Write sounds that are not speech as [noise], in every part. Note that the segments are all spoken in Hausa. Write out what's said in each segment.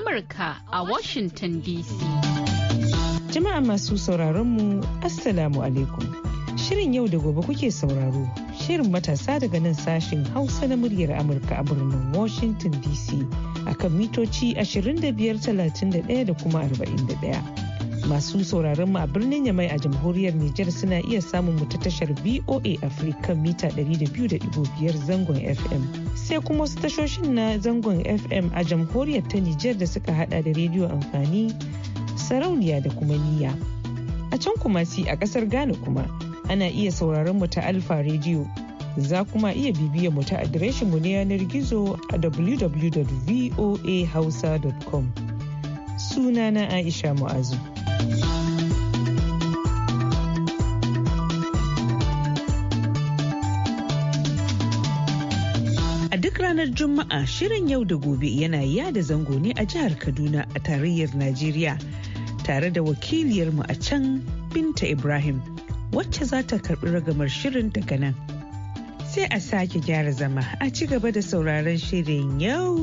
Amurka a Washington DC. Jama'a masu mu Assalamu alaikum. Shirin yau da gobe kuke sauraro, shirin matasa daga nan sashen Hausa na muryar Amurka a birnin Washington DC a kan mitoci 25, 31 da kuma 41. Masu sauraron mu a birnin Yamai a jamhuriyar Nijar suna iya samun mu ta tashar VOA Africa mita 200.5 zangon FM. Sai kuma wasu tashoshin na zangon FM a jamhuriyar ta Nijar da suka hada da rediyo amfani, sarauniya da kuma niyya. A can kuma si a kasar Ghana kuma ana iya sauraron mu ta Alfa Rediyo Za kuma iya bibiyar mu ta adireshin mu na yanar gizo a www.voahausa.com. Sunana Aisha Mu'azu. A duk ranar Juma'a shirin yau da gobe yana yada zango ne a jihar Kaduna a tarayyar Najeriya tare da wakiliyarmu a can Binta Ibrahim wacce za ta karbi ragamar shirin daga nan. Sai a sake gyara zama a ci gaba da sauraron shirin yau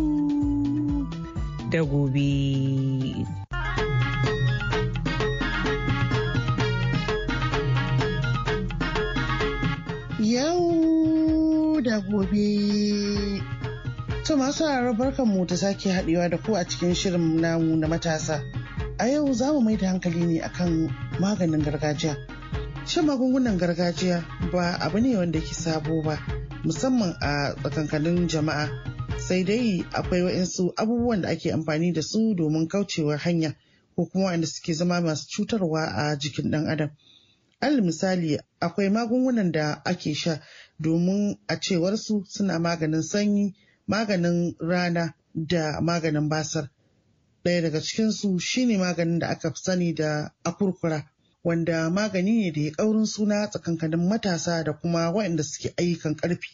da gobe. masu sauraro barkan mu ta sake haɗewa da ku a cikin shirin namu na matasa. A yau za mu mai da hankali ne akan maganin gargajiya. Shan magungunan gargajiya ba abu ne wanda ke sabo ba, musamman a tsakankanin jama'a. Sai dai akwai wa'insu abubuwan da ake amfani da su domin kaucewa hanya ko kuma wanda suke zama masu cutarwa a jikin ɗan adam. Al misali akwai magungunan da ake sha domin a cewarsu suna maganin sanyi maganin rana da maganin basar. Ɗaya daga cikinsu shine maganin da aka sani da akurkura, wanda magani ne da ya ƙaurin suna tsakankanin matasa da kuma waɗanda suke ayyukan ƙarfi.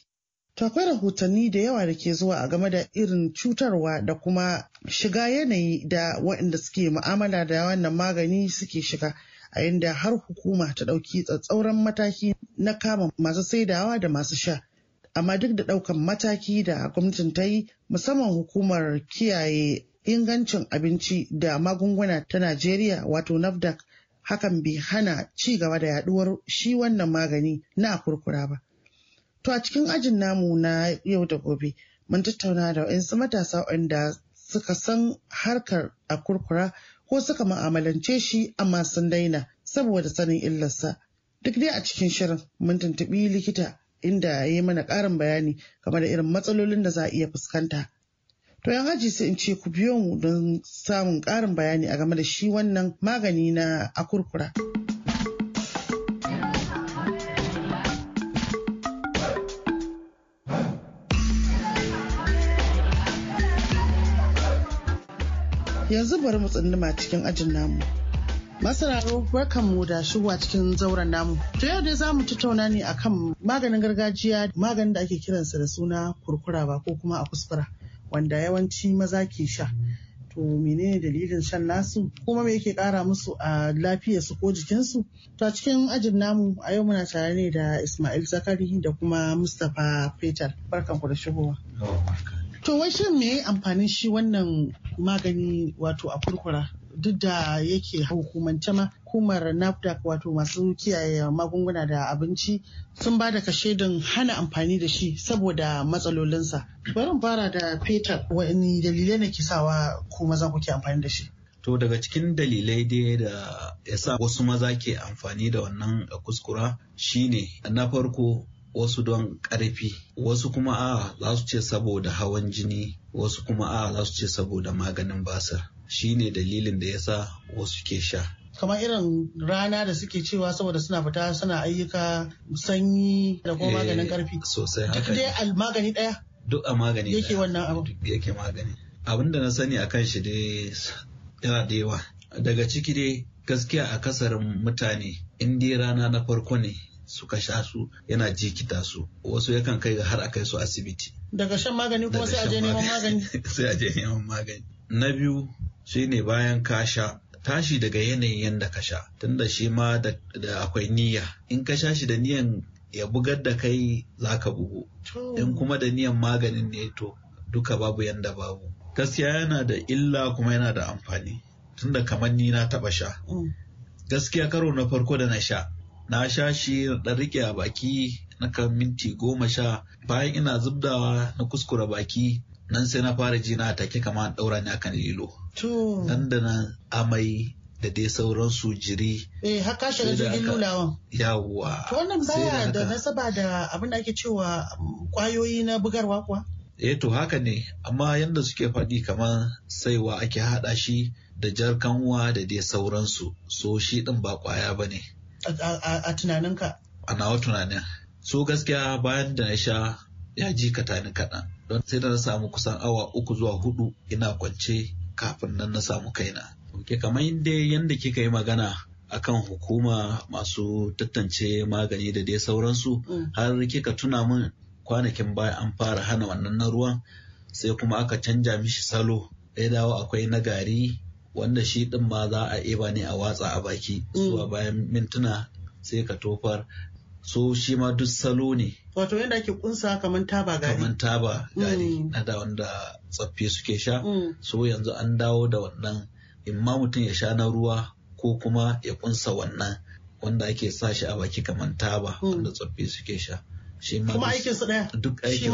To akwai rahotanni da yawa da ke zuwa a game da irin cutarwa da kuma shiga yanayi da waɗanda suke mu'amala da wannan magani suke shiga. a yadda har hukuma ta ɗauki tsatsauran mataki na kama masu saidawa da masu sha amma duk da ɗaukan mataki da gwamnatin ta yi musamman hukumar kiyaye ingancin abinci da magunguna ta najeriya wato nafdac hakan bai hana ci gaba da yaduwar shi wannan magani na kurkura ba to a cikin ajin namu na yau da gobe mun tattauna da waɗansu matasa waɗanda suka san harkar a kurkura ko suka ma'amalance shi amma sun daina saboda sanin illarsa duk dai a cikin shirin mun tuntuɓi likita inda ya mana ƙarin bayani game da irin matsalolin da za a iya fuskanta. To yan haji sai in ce ku biyo mu don samun ƙarin bayani a game da shi wannan magani na akurkura. Yanzu bari mu tsunduma cikin ajin namu. Masararo mu da shigowa cikin zauren namu. To yau dai za mu tattauna ne akan maganin gargajiya maganin da ake kiransa da suna kurkura ba ko kuma a kuskura wanda yawanci maza ke sha. To menene dalilin shan nasu kuma me yake kara musu a lafiyarsu ko jikinsu? To a cikin ajin namu a yau muna tare ne da Ismail Zakari da kuma Mustapha Peter. Barkanku da shigowa. Oh, to wai shin me amfanin shi wannan magani wato a kurkura? duk da yake hukumance ma hukumar NAFDAC wato masu kiyaye magunguna da abinci sun ba da don hana amfani da shi saboda matsalolinsa. Barin fara da fetur wani dalilai na kisawa ko maza kuke amfani da shi. To daga cikin dalilai dai da ya sa wasu maza ke amfani da wannan kuskura shine na farko wasu don ƙarfi wasu kuma a za su ce saboda hawan jini wasu kuma a za su ce saboda maganin basir shine dalilin da yasa wasu ke sha kamar irin rana da suke cewa saboda suna fita suna ayyuka sanyi da kuma eh, maganin karfi sosai haka duk dai magani daya duk a magani yake wannan abu yake magani abin da na sani a kan shi dai yana da yawa daga ciki dai gaskiya a kasarin mutane in dai rana na farko ne suka sha su yana jikita su wasu yakan kai har a kai su asibiti daga shan magani kuma sai a je neman magani [laughs] sai a je neman magani na biyu ne bayan ka sha tashi daga yanayin yadda ka sha tunda shi ma da akwai niyya in ka sha shi da niyan ya bugar da kai za ka bugu in kuma da niyan maganin ne to duka babu yanda babu gaskiya yana da illa kuma yana da amfani tunda kamar ni na taba sha mm. gaskiya karo na farko da na sha na sha shi na rike a baki na kan minti goma sha bayan ina zubdawa na kuskura baki nan sai na fara ji na take kamar an daura ni akan lilo na amai da dai sauransu jiri. Eh haka da jirgin lulawan. Yawwa. To wannan baya da nasaba da abin da ake cewa kwayoyi na bugarwa kuwa? Eh to haka ne amma yadda suke faɗi kamar saiwa ake haɗa shi da jar kanwa da dai sauransu so shi ɗin ba kwaya ba ne. A tunaninka? A nawa tunanin. So gaskiya bayan da na sha ya ji Tani kaɗan don sai da na samu kusan awa uku zuwa hudu ina kwance kafin nan na samu kaina. Oke kamar yadda kika yi magana a kan hukuma masu tattance magani da dai sauransu mm. har kika tuna min kwanakin baya an fara hana wannan na ruwan sai kuma aka canja mishi salo ɗaya dawo akwai na gari wanda shi ɗin ma za a eba ne a watsa a baki mm. zuwa bayan mintuna sai ka tofar so shi ma duk salo ne wato yadda ake kunsa kamar taba gari kamar taba gari mm. na da wanda tsaffe suke sha mm. so yanzu an dawo da wannan imma mutum ya sha na ruwa ko kuma ya kunsa wannan wanda ake sa shi a baki kamar taba mm. wanda tsaffe suke sha shi ma kuma daya duk aikin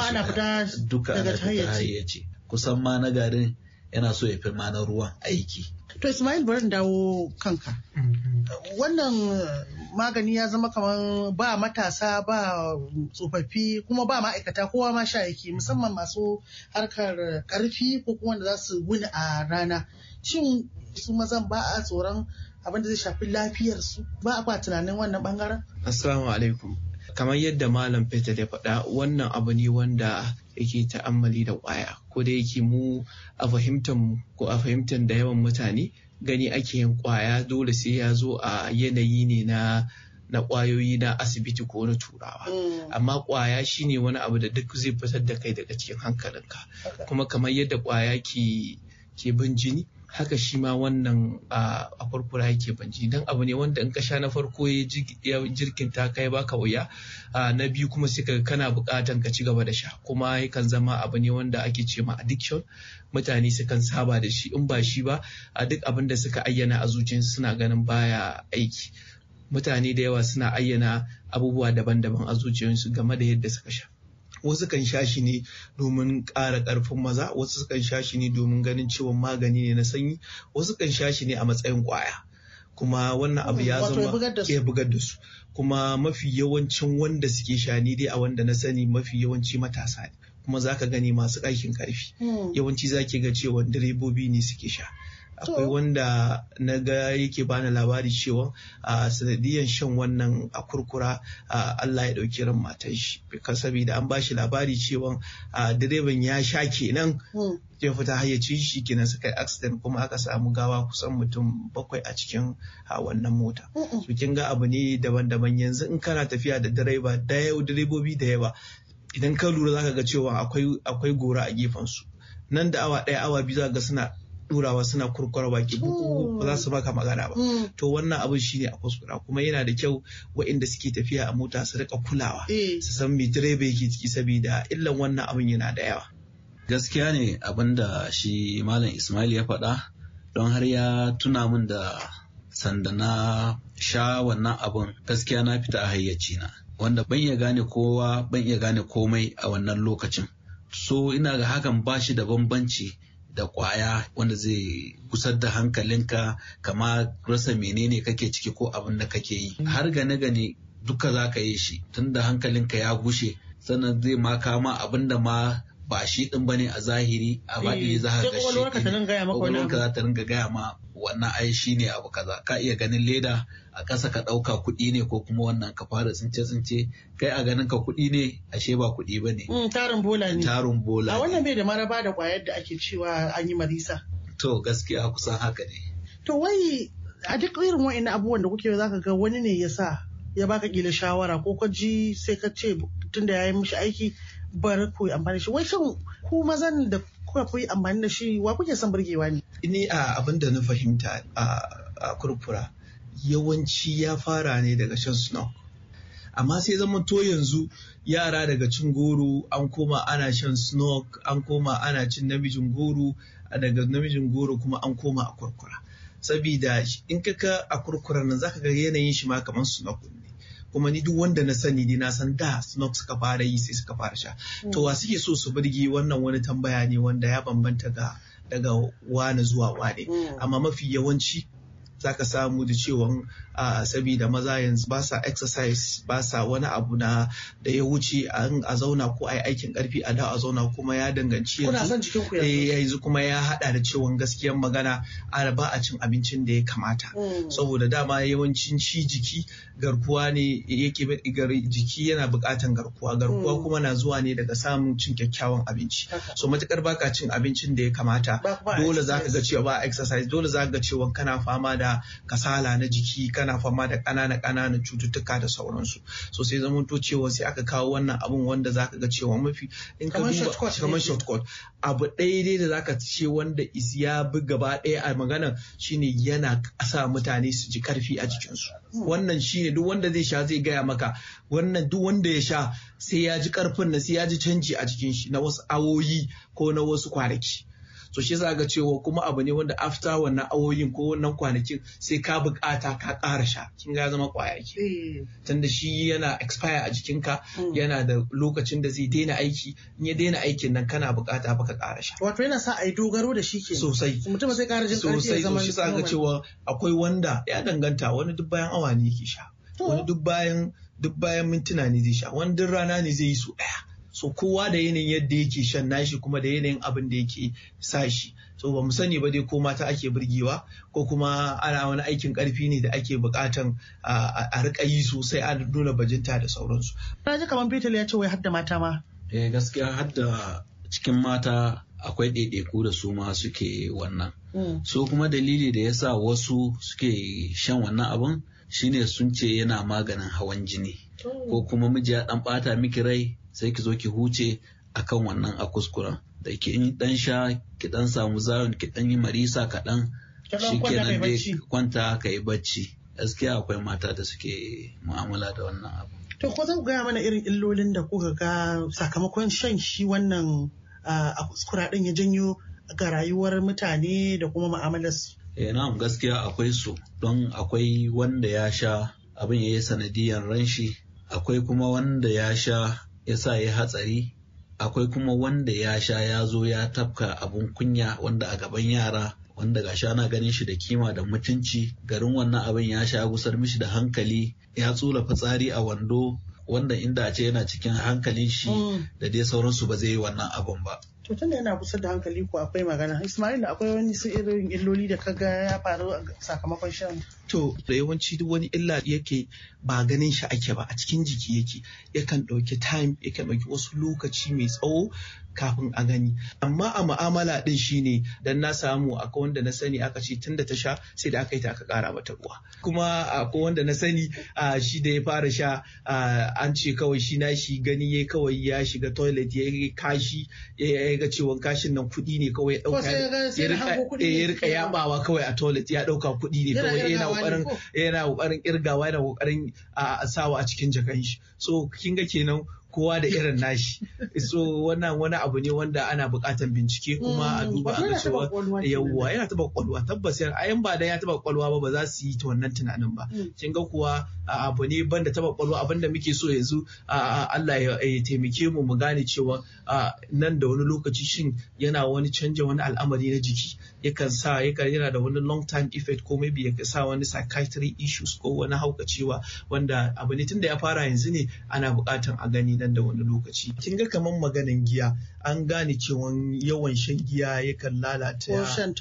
duka ana fita kusan ma na garin yana so ya fi ma ruwan aiki. To Ismail bari dawo kanka. Wannan uh, magani ya zama kamar ba matasa ba tsofaffi kuma ba ma'aikata kowa ma sha yake musamman masu harkar karfi ko kuma wanda za su wuni a rana. Shin su mazan ba a tsoron abinda zai shafi lafiyarsu ba a tunanin wannan bangaren? Assalamu alaikum. kamar yadda malam Peter ya faɗa wannan abu ne wanda yake ta'ammali da ƙwaya ko da yake mu a fahimtar ko a fahimtar da yawan mutane gani ake yin ƙwaya dole sai ya zo a yanayi ne na na ƙwayoyi na asibiti ko na turawa mm. amma ƙwaya shine wani abu da duk zai fitar da kai daga cikin hankalinka kuma kamar yadda ƙwaya ke ke bin jini haka shi ma wannan a farfura yake banji don abu ne wanda in ka sha na farko ya jirkin ta kai baka wuya na biyu kuma sai ka kana bukatan ka ci gaba da sha kuma yakan zama abu ne wanda ake ce ma addiction mutane sukan saba da shi in ba shi ba a duk abin da suka ayyana a zuciyar suna ganin baya aiki mutane da yawa suna ayyana abubuwa daban-daban a zuciyarsu game da yadda suka sha wasu kan sha shi ne domin ƙara ƙarfin maza wasu kan sha shi ne domin ganin ciwon magani ne na sanyi wasu kan sha shi ne a matsayin ƙwaya kuma wannan abu ya zama ya bugar da su kuma mafi yawancin wanda suke sha ni dai a wanda na sani mafi yawanci matasa ne kuma zaka gani masu aikin ƙarfi hmm. yawanci zaki ga cewa direbobi ne suke sha akwai wanda na ga yake bani labari cewa a sanadiyan shan wannan a kurkura Allah ya ɗauki ran matan shi saboda an bashi labari cewa direban ya sha kenan hmm. ya fita hayyacin shi kenan suka yi accident kuma aka samu gawa kusan mutum bakwai a cikin wannan mota su kin ga abu ne daban-daban yanzu in kana tafiya da direba da yau direbobi da yawa idan ka lura zaka ga cewa akwai gora a gefen su nan da awa ɗaya awa biyu zaka ga suna turawa suna kurkwar baki mm. ba za su baka magana ba mm. to wannan abin shine a kuskura kuma yana da kyau waɗanda suke tafiya a mota su rika kulawa eh. su san me direba yake ciki saboda illan wannan abin yana da yawa gaskiya ne abin da shi malam Ismail ya faɗa don har ya tuna min da sanda na sha wannan abin gaskiya na fita a hayyaci na wanda ban iya gane kowa ban iya gane komai a wannan lokacin so ina ga hakan bashi da bambanci da kwaya wanda zai kusar da hankalinka kama rasa menene kake ciki ko abin da kake yi mm. har gane gane duka za ka yi shi tunda hankalinka ya gushe sannan zai ma kama abin da ma ba shi din bane a zahiri a baɗi eh, za ka ga shi kwakwalwarka za ta ringa gaya ma wannan ai shi ne abu kaza ka iya ganin leda a ƙasa ka ɗauka kuɗi ne ko kuma wannan ka fara tsince tsince kai a ganin ka kuɗi ne ashe ba kuɗi ba ne. Mm, tarin bola ne tarin bola a wannan bai da maraba da ƙwayar da ake cewa an yi marisa. to gaskiya kusan haka ne. to wai a duk irin wa'annan abubuwan da kuke za ka ga wani ne ya sa ya baka kila shawara ko ka ji sai ka ce tunda ya yi mishi aiki bar ku amfani shi wai shin ku mazan da kuka fi amfani da shi wa kuke son burgewa ne ni a abin da na fahimta a kurkura yawanci ya fara ne daga shan snog amma sai zama to yanzu yara daga cin goro an koma ana shan snog an koma ana cin namijin goro daga namijin goro kuma an koma a kurkura sabida in ka a kurkura nan zaka ga yanayin shi ma kamar snog ne kuma ni duk wanda na sani ni na san da snox suka fara yi sai suka fara sha mm. to wa suke so su birge wannan wani tambaya ne wanda ya bambanta ga daga wane zuwa wane mm. amma mafi yawanci za ka samu da cewa sabida maza yanzu ba sa exercise ba sa wani abu na da ya wuce a zauna ko a yi aikin karfi a da a zauna kuma ya danganci yanzu eh, kuma ya hada da cewa gaskiyan magana a ba a cin abincin da ya kamata mm. saboda dama yawancin ci jiki garkuwa ne yake jiki yana bukatan garkuwa garkuwa mm. kuma na zuwa ne daga samun cin kyakkyawan abinci so matukar baka cin abincin da ya kamata dole za ka ga cewa ba exercise dole za ka ga cewa kana fama da da kasala na jiki kana fama da ƙanana ƙanana cututtuka da sauransu so sai to cewa sai aka kawo wannan abun wanda zaka ga cewa mafi in ka duba kamar shortcut abu daidai da zaka ce wanda is ya bi gaba ɗaya a magana shine yana sa mutane su ji karfi a jikinsu wannan shine duk wanda zai sha zai gaya maka wannan duk wanda ya sha sai ya ji karfin na sai ya ji canji a jikin shi na wasu awoyi ko na wasu kwanaki to shi za ga cewa kuma abu ne wanda after wannan awoyin ko wannan kwanakin sai ka bukata ka ƙara sha kin ga zama kwaya ke eh. tunda shi yana expire a jikinka mm. yana da lokacin da zai daina aiki in ya daina aikin nan kana bukata baka ƙara sha wato yana sa a yi dogaro da shi ke sosai mutum zai ƙara jin ƙarfi zaman shi za ga cewa akwai wanda ya danganta wani duk bayan awa ne yake sha wani duk bayan duk bayan mintuna ne zai sha wani duk rana ne zai yi su ɗaya so kowa da yanayin yadda yake shan nashi kuma da yanayin abin da yake sa shi so ba mu sani ba dai ko mata ake burgewa ko kuma ana wani aikin karfi ne da ake bukatan a rika yi sosai a nuna bajinta da sauransu na ji kamar peter ya ce wai hadda mata ma eh gaskiya hadda cikin mata akwai ɗaiɗaiku da su ma suke wannan hmm. so kuma dalili da yasa wasu suke shan wannan abin shine sun ce yana maganin hawan jini oh. ko kuma mijiya ɗan ɓata miki rai sai ki zo ki huce akan wannan a kuskuren da ki dan sha ki dan samu zarun ki dan yi marisa kaɗan shi kenan dai kwanta ka yi bacci gaskiya akwai mata da suke mu'amala da wannan abu to ko za gaya mana irin illolin da kuka ga sakamakon shan shi wannan a kuskura din ya janyo ga rayuwar mutane da kuma mu'amalarsu eh na'am gaskiya akwai su don akwai wanda ya sha abin ya yi sanadiyar ranshi akwai kuma wanda ya sha ya sa ya hatsari akwai kuma wanda ya sha ya zo ya tafka abun kunya wanda a gaban yara wanda ga ana ganin shi da kima da mutunci garin wannan abin ya sha gusar mishi da hankali ya tsula fitsari a wando wanda inda ce yana cikin hankalin shi mm. da dai sauransu ba zai yi wannan abin ba to da yana kusa da hankali ko akwai magana ismail akwai wani su irin illoli da kaga ya faru a sakamakon shan to da yawanci duk wani illa yake ba ganin shi ake ba a cikin jiki yake yakan ɗauki time yakan ɗauki wasu lokaci mai tsawo kafin a gani amma a mu'amala din shine dan na samu a wanda na sani aka ce tun da ta sha sai da aka yi ta aka kara mata ruwa kuma akwai wanda na sani shi da ya fara sha an ce kawai shi na shi gani ya kawai ya shiga toilet ya yi kashi ya ga cewa kashin nan kuɗi ne kawai ya dauka ya rika eh, yabawa kawai a toilet ya dauka kuɗi ne kawai yana kokarin yana kokarin kirgawa yana kokarin sawa a cikin jakan shi so kin ga kenan kowa da irin nashi so wannan wani abu ne wanda ana buƙatar bincike kuma a mm. duba a cewa yawwa yana taba kwalwa tabbas yan ayan ba da ya taba kwalwa ba ba za su yi ta wannan tunanin ba mm. kin ga kuwa abu ne banda taba kwalwa abinda muke so yanzu Allah ya taimake mu mu gane cewa nan da wani lokaci shin yana wani canja wani al'amari na jiki yakan sa yakan yana da wani long time effect ko maybe ya sa wani psychiatry issues ko wani haukacewa wanda abu ne tunda ya fara yanzu ne ana bukatan a gani nan da wani lokaci kin ga kamar maganin giya an gane cewa yawan shan giya yakan lalata shan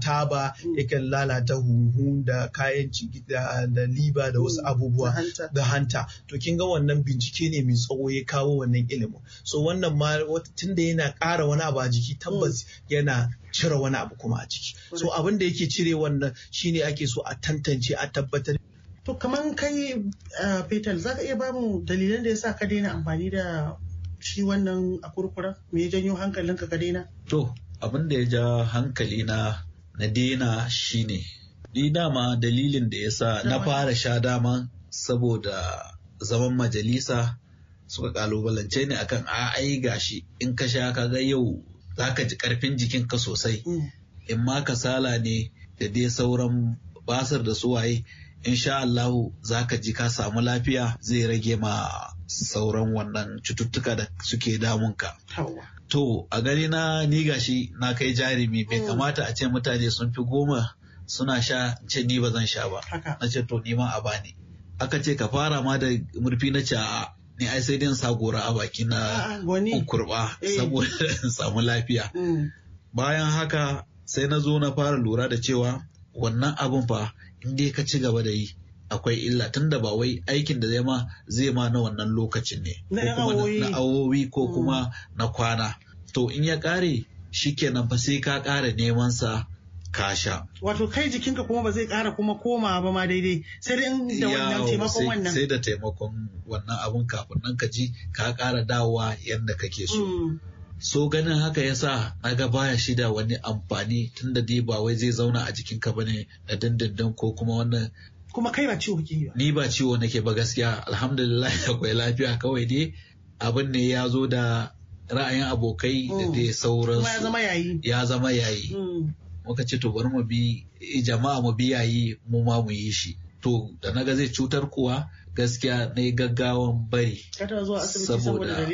taba mm. yakan lalata huhu da kayan ciki da liba da wasu mm. abubuwa da hanta to kin ga wannan bincike ne mai tsawo ya kawo wannan ilimin so wannan ma tunda yana ƙara wani abu a jiki tabbas mm. yana cire wani abu kuma a ciki so abin da yake cire wannan shine ake so a tantance a tabbatar To kaman kai fetal, Petal za ka iya ba mu dalilan da ya sa ka daina amfani da shi wannan a kurkura me ya janyo hankalinka ka daina? To abin da ya ja hankali na na daina shine ni dama dalilin da ya sa na fara sha dama saboda zaman majalisa suka kalubalance ni akan a ai gashi in ka sha ka ga yau Za ka ji karfin jikin ka sosai mm. in ma kasala ne da dai sauran basar da suwaye In sha Allahu za ka ji ka samu lafiya zai rage ma sauran wannan cututtuka da suke damunka. To a gani na ni gashi na kai jarumi bai mm. kamata a ce mutane sun fi goma suna sha ce ni ba zan sha ba. Na ce to nima ma a bani. Aka ce ka fara ma da murfi na ce a ni ai sai dai sa gora a baki na kurba eh. saboda [laughs] samu lafiya. Mm. Bayan haka sai na zo na fara lura da cewa wannan abin fa in dai ka ci gaba da yi akwai illa da ba wai aikin da zai ma zai ma na wannan lokacin ne na awowi ko mm. kuma na kwana to in ya kare shi kenan fa sai ka kara neman sa ka sha wato kai jikinka kuma ba zai kara kuma koma ba ma daidai sai da wannan taimakon wannan sai da taimakon wannan abun kafin nan ka ji ka kara dawowa yadda kake so mm. so ganin haka yasa ga baya shi da wani amfani tunda dai ba wai zai zauna a jikin ka bane da dindindin ko kuma wannan kuma kai ba ciwo kike ba ni ba ciwo nake ba gaskiya alhamdulillah [laughs] akwai lafiya kawai dai abin ne ya zo da ra'ayin abokai da mm. dai sauransu ya zama yayi ya zama yayi mm. muka ce to bari mu bi eh, jama'a mu bi yayi mu ma mu yi shi to da naga zai cutar kuwa gaskiya na yi gaggawan bari saboda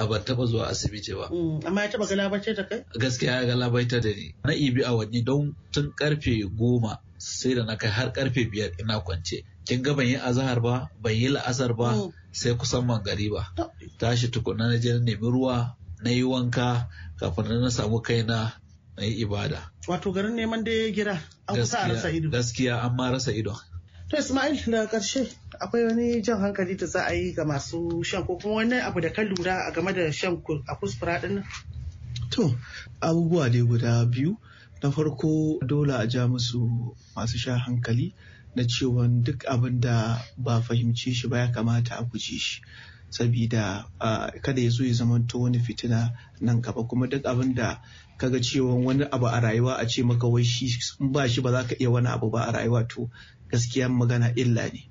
a ban taba zuwa asibiti ba. Mm, amma ya taba galabaitar da kai? Gaskiya ya galabaitar da ni. Na ibi awanni don tun karfe goma sai da na kai har karfe biyar ina kwance. Kin ga ban yi azahar ba, ban yi la'asar ba, mm. sai kusan man gari ba. Tashi tukuna na je na nemi ruwa, na yi wanka, kafin na samu kaina na yi ibada. Wato garin neman da ya gira, an kusa a rasa ido. Gaskiya an ma rasa ido. To Ismail daga ƙarshe akwai wani jan hankali da za a yi ga masu shan ko kuma wani abu da ka lura a game da shan a kuskura ɗin To abubuwa dai guda biyu na farko dole a ja musu masu sha hankali na cewa duk abin da ba fahimci shi ba ya kamata a guje shi. sabida kada ya zo ya zamanto wani fitina nan gaba kuma duk abin da kaga cewa wani abu a rayuwa a ce maka wai shi ba shi ba za ka iya wani abu ba a rayuwa to Gaskiya magana illa ne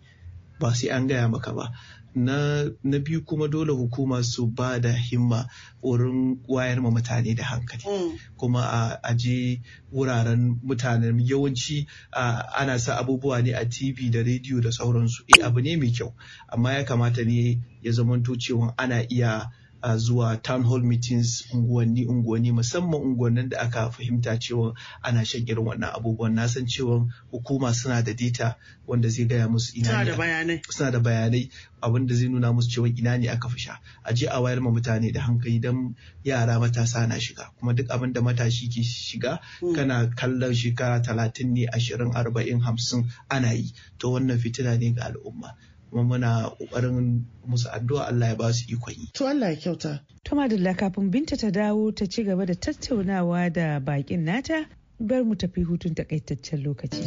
ba sai an gaya maka ba na, na biyu kuma dole hukuma su ba da himma wurin wayar ma mutane da hankali mm. kuma a, aji je wuraren mutanen yawanci a ana sa abubuwa ne a tv da rediyo da sauransu e, abu ne mai kyau amma ya kamata ne ya zamanto cewa ana iya a zuwa town hall meetings unguwanni unguwanni musamman unguwannin da aka fahimta cewa ana shan irin wannan abubuwan na san cewa hukuma suna da data wanda zai gaya musu ina ne suna da bayanai abin da zai nuna musu cewa ina ne aka fi a je a wayar ma mutane da hankali don yara matasa na shiga kuma duk abin da matashi ke shiga hmm. kana kallon shekara talatin ne ashirin arba'in hamsin ana yi to wannan fitina ne ga al'umma kuma muna ƙoƙarin musu addu'a Allah ya ba su ikon yi. To Allah ya kyauta. To Madalla kafin Binta ta dawo ta ci gaba da tattaunawa da bakin nata bar mu tafi hutun takaitaccen lokaci.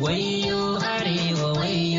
Wayo arewa wayo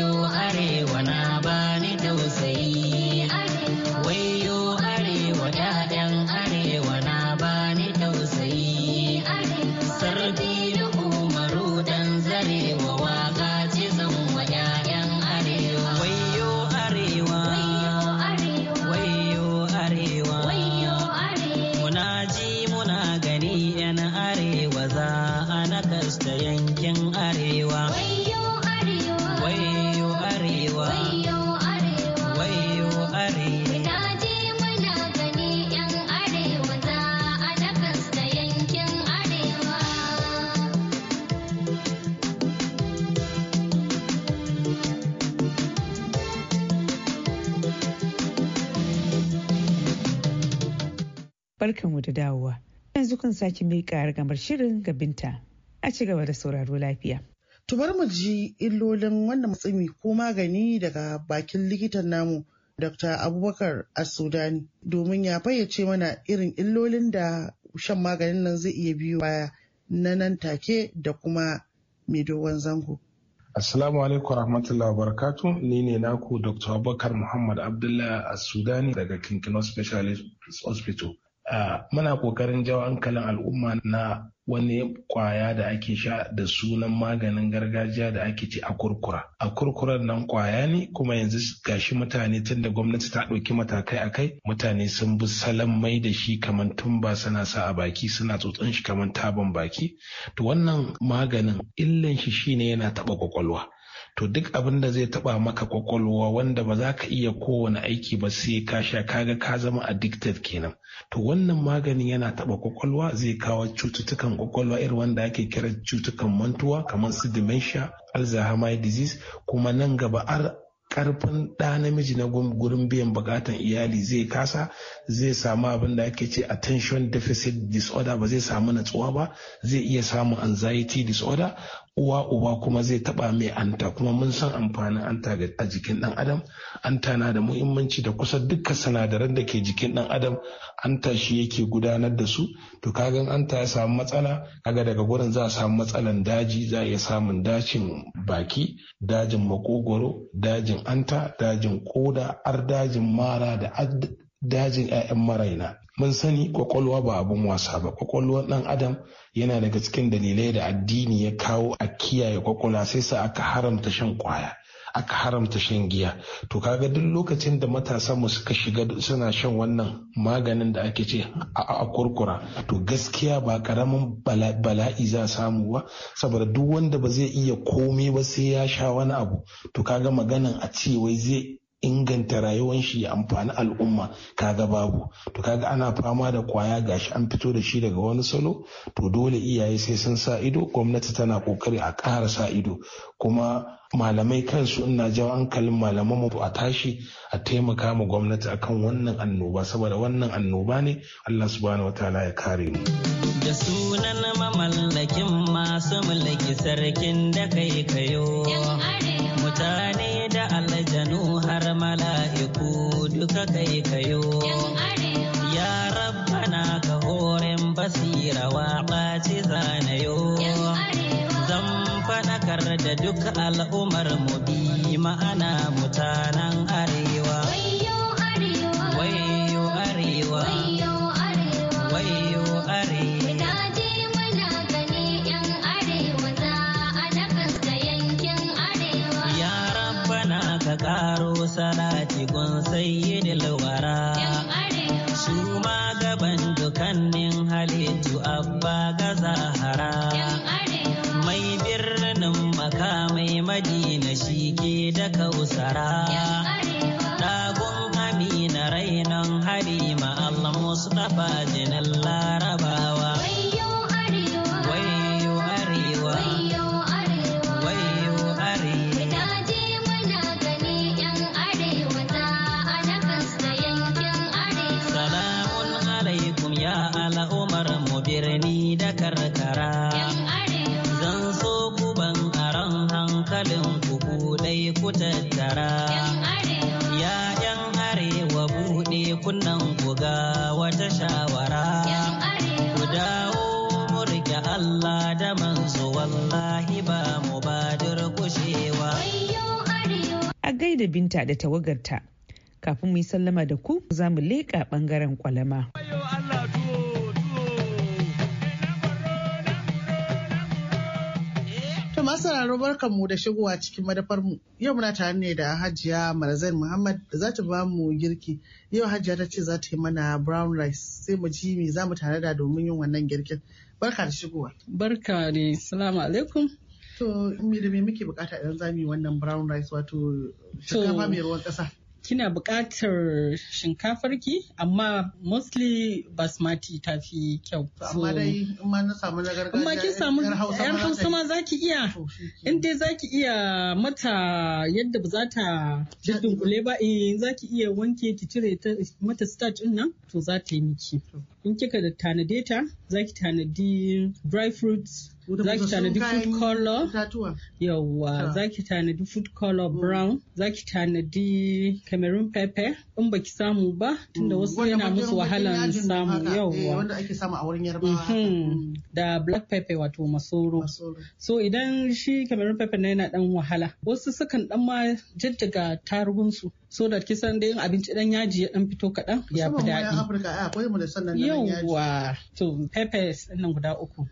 zan sake miƙa ragamar shirin ga binta. A ci gaba da sauraro lafiya. tubar mu ji illolin wannan matsimi ko magani daga bakin likitan namu Dr. Abubakar Asudan domin ya fayyace mana irin illolin da shan maganin nan zai iya biyo baya na nan take da kuma mai dogon zango. Assalamu alaikum rahmatullahi barakatu ni ne naku Dr. Abubakar Muhammad Abdullahi Asudani daga Kinkinos Specialist Hospital. muna ƙoƙarin jawo hankalin al'umma na wani kwaya da ake sha da sunan maganin gargajiya da ake ci a kurkura. A kurkuran nan kwaya ne kuma yanzu gashi mutane tun da gwamnati ta ɗauki matakai a kai mutane sun bi salon mai da shi kamar tumba suna sa a baki suna tsotson shi kamar taban baki. To wannan maganin illan shi shine yana taɓa kwakwalwa. to duk abin da zai taba maka kwakwalwa wanda ba za ka iya kowane aiki ba sai ka sha kaga ka zama addicted kenan to wannan maganin yana taba kwakwalwa zai kawo cututtukan kwakwalwa irin wanda ake kira cutukan mantuwa kamar su dementia alzheimer disease kuma nan gaba ar karfin ɗa namiji na gurin biyan bukatan iyali zai kasa zai samu abin da ake ce attention deficit disorder ba zai samu natsuwa ba zai iya samun anxiety disorder uwa uba kuma zai taba mai anta kuma mun san amfanin anta a jikin dan adam anta na da muhimmanci da kusa dukkan sinadaran da ke jikin dan adam anta shi yake gudanar da su to kagan anta ya samu matsala kaga daga gurin za a samu matsalan daji za a iya samun dacin baki dajin makogoro dajin anta dajin koda ar dajin mara da dajin 'ya'yan maraina mun sani kwakwalwa ba abin wasa ba kwakwalwar ɗan adam yana daga cikin dalilai da addini ya kawo a kiyaye kwakwalwa sai sa aka haramta shan kwaya aka haramta shan giya to kaga duk lokacin da matasan mu suka shiga suna shan wannan maganin da ake ce a kurkura to gaskiya ba karamin bala'i za samu ba saboda duk wanda ba zai iya komai ba sai ya sha wani abu to kaga maganan a ce wai zai inganta rayuwar shi ya amfani al'umma kaga babu to kaga ana fama da kwaya gashi an fito da shi daga wani salo to dole iyaye sai sun sa ido gwamnati tana kokari a ƙara sa ido kuma malamai kansu ina jawo hankalin malaman mu a tashi a taimaka ma gwamnati akan wannan annoba saboda wannan annoba ne Allah subhanahu wataala ya kare mu da sunan mamallakin masu mulki sarkin da kai kai duk al'ummar mu bi ma'ana mutanen are nan ga wata shawara ku dawo mu rike Allah da manzo wallahi ba mu ba kushewa a gaida binta da tawagarta kafin mu yi sallama da ku za mu leƙa ɓangaren kwalama. Masu rubar mu da shigowa cikin madafar mu. Yau muna tare ne da Hajiya Marazan Muhammad da za ta ba mu girki. Yau Hajiya ta ce za ta yi mana brown rice sai mu ji me za mu tare da domin yin wannan girkin. Barka da shigowa. Barka ne. Salamu alaikum. To me da me muke bukata idan za mu yi wannan brown rice wato shugaba mai ruwan kasa. kina buƙatar shinkafar ki amma mostly basmati ta fi kyau. Amma dai in ma na samu na gargajiya amma zaki iya in dai zaki iya mata yadda ba za ta dunkule ba eh zaki iya wanke ki cire mata starch din nan to za ta yi miki. In kika da tanade ta zaki tanadi dry fruits za ki tanadi food color yawwa mm. za ki tanadi food color brown za ki tanadi cameroon pepper in baki samu ba tunda mm. wasu yana musu wahalan samu eh, yawwa wanda ake samu a wurin yarbawa mm-hmm. mm. da black pepper wato masoro so idan shi cameroon pepper na yana dan wahala wasu sukan dan ma jaddaga tarugun su. so da kisan dai abinci dan yaji ya dan fito kaɗan ya fi daɗi. Afirka ai akwai Yawwa to peppers nan guda uku.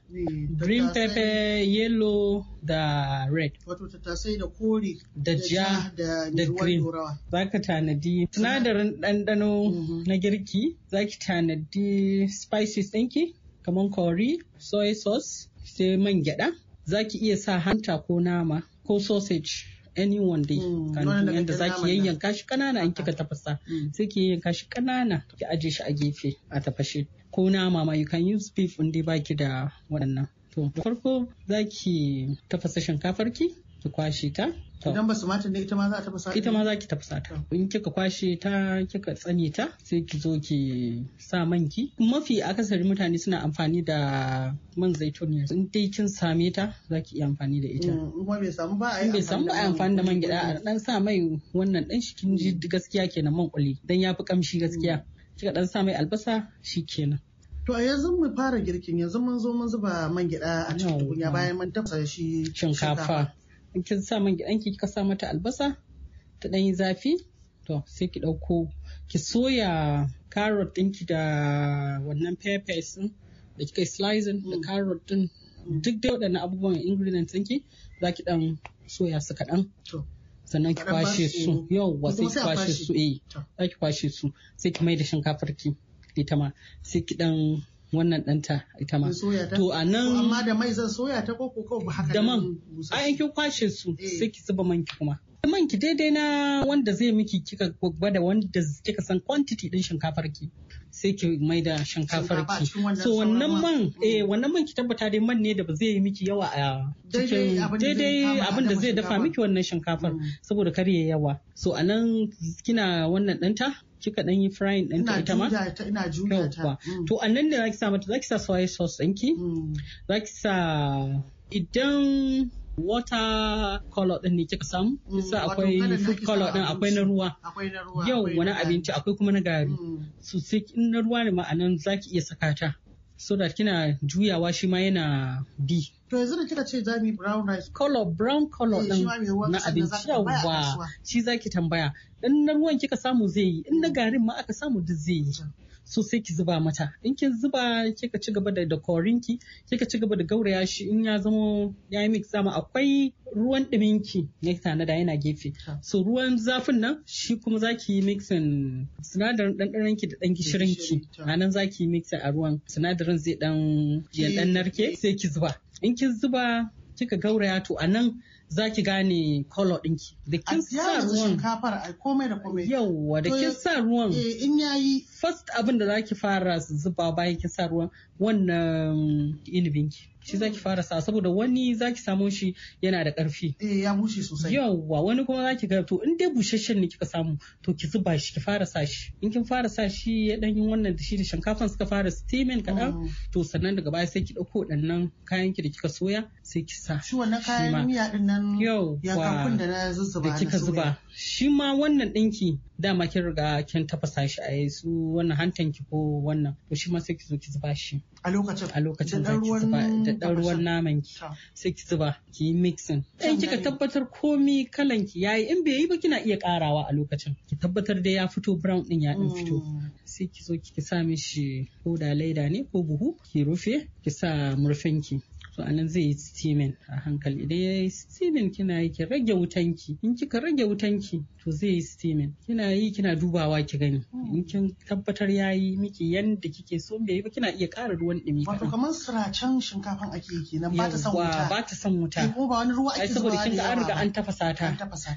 Green pepper, yellow da red. Wato tattasai da kori. Da ja da green. Za ka tanadi sinadarin ɗanɗano mm-hmm. na girki, za ki tanadi spices ɗinki kamar curry, soy sauce, sai man gyaɗa. Za ki iya sa hanta ko nama ko sausage. anyone dai kan mm, yadda zaki yayyanka shi kanana in kika tafasa mm. sai ki yayyanka shi kanana ki aje shi a gefe a tafashe ko na ma you can use beef in dai baki da waɗannan to farko zaki tafasa shinkafar ki ki kwashe ta idan ba su mata ne ita ma za ta fasa ita ma za ki tafasa ta in kika kwashe ta kika tsane ta sai ki zo ki sa man ki mafi akasari mutane suna amfani da man zaitun ne. in dai kin same ta za ki iya amfani da ita mm, in bai samu ba a yi amfani da man gyaɗa a ɗan sa mai wannan ɗan shi kin ji gaskiya kenan man ƙuli. dan yafi ƙamshi gaskiya mm. kika ɗan sa mai albasa shi kenan. To a yanzu mu fara girkin yanzu mun zo mun zuba man gyaɗa a cikin tukunya bayan mun tafasa shi shinkafa. kin sa man gidan ki kika sa mata albasa ta dan yi zafi to sai ki dauko ki soya carrot ɗinki da wannan peppers din da kika slicing da mm. carrot din duk dai waɗannan abubuwan ingredients ɗinki za ki dan soya su kaɗan sannan ki kwashe su wa sai ki kwashe su eh za ki kwashe su sai ki mai da shinkafar ki ita ma sai ki dan wannan ɗanta ita ma. To a nan. Amma da mai zan soya ta koko ko haka. Da man. Ai kin kwashe su eh. sai ki zuba man ki kuma. man ki daidai na wanda zai miki kika da wanda kika san quantity din shinkafar ki sai ki mai da shinkafar ki so wannan man mm. eh wannan man ki tabbata dai man ne da ba zai yi miki yawa a cikin daidai abin da zai dafa miki wannan shinkafar mm. saboda kar ya yawa so anan kina wannan ɗanta kika dan yi frying din ta ita ma ina juya ta mm. to nan ne zaki sa mata zaki sa soy sauce ɗinki zaki sa idan water color din ne kika samu bisa mm, akwai food color din akwai na ruwa yau wani abinci akwai kuma na gari mm. su sai in na ruwa ne ma'anan zaki iya saka ta so that kina juyawa shi ma yana bi to yanzu da kika ce za mu brown rice color brown color din eh, na abinci yawa shi zaki tambaya in na ruwan kika samu zai yi in na garin ma aka samu duk zai yi mm. so sai ki zuba mata in kin zuba kika ci gaba da dakorinki kika ci gaba da gauraya shi in ya zama ya yi mix sama akwai ruwan ɗuminki na da yana gefe so ruwan zafin nan shi kuma zaki yi mixin sinadarin ɗanɗanonki da ɗan gishirin ki a nan ki yi mixin a ruwan sinadarin zai ɗan ya ɗan narke sai ki zuba in kin zuba kika gauraya to a nan za ki gane kolo ɗinki. Da kin sa ruwan. shinkafar ai da Yawwa da kin sa ruwan. Eh in yayi. First abin da za ki fara zuba bayan kin sa ruwan wannan inibinki. shi zaki fara sa saboda wani zaki samu shi yana da karfi eh ya bushe sosai yawa wani kuma zaki ga to in dai busheshen ne kika samu to ki zuba shi ki fara sa shi in kin fara sa shi ya dan yin wannan da shi da shinkafan suka fara steaming kadan oh. to sannan daga baya sai ki dauko dannan kayan ki da kika soya sai ki sa shi wannan kayan miya din nan ya kankun da na zuzzuba da kika zuba shi ma wannan dinki dama kin riga kin tafasa shi a yasu wannan hantan ki ko wannan to shi ma sai ki zo ki zuba shi a lokacin a lokacin da ruwan da dan ruwan naman ki sai ki zuba ki yi mixing dan kika tabbatar komi kalan ki yayi in bai yi ba kina iya karawa a lokacin ki tabbatar da ya fito brown din ya din fito mm. sai ki zo ki sa mishi ko da laida ne ko buhu ki rufe ki sa murfin ki so anan zai yi steaming a hankali idan ya yi steaming kina yi ki rage wutan ki in kika rage wutan ki to zai yi steaming kina yi kina dubawa ki gani in kin tabbatar yayi miki yanda kike so bai ba kina iya ƙara ruwan dumi wato kamar suracen shinkafan ake yi kenan ba ta son wuta ba ta san wuta ko ba wani ruwa ake saboda kin ga an riga an tafasa ta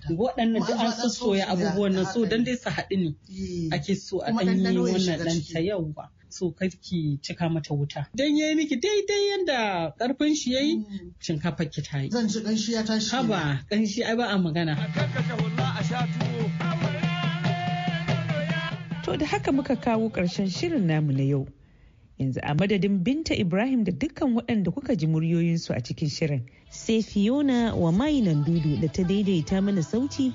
waɗannan duk an soya abubuwan nan so dan dai su haɗu ne eh. ake so a ɗan yi wannan ɗan ta ba so ki cika mata wuta dan yayi miki daidai yanda karfin shi yayi hmm. shinkafa ki ta yi zan ci kanshi ya tashi haba kanshi ai ba a magana to da haka muka kawo karshen shirin namu na yau yanzu a madadin binta ibrahim da dukkan waɗanda kuka ji muryoyinsu a cikin shirin sai fiona wa mayinan dudu da ta daidaita mana sauti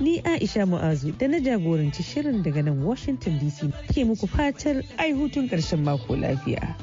ni aisha mu'azu da na jagoranci shirin daga nan washington dc ke muku fatar ai hutun ƙarshen mako lafiya.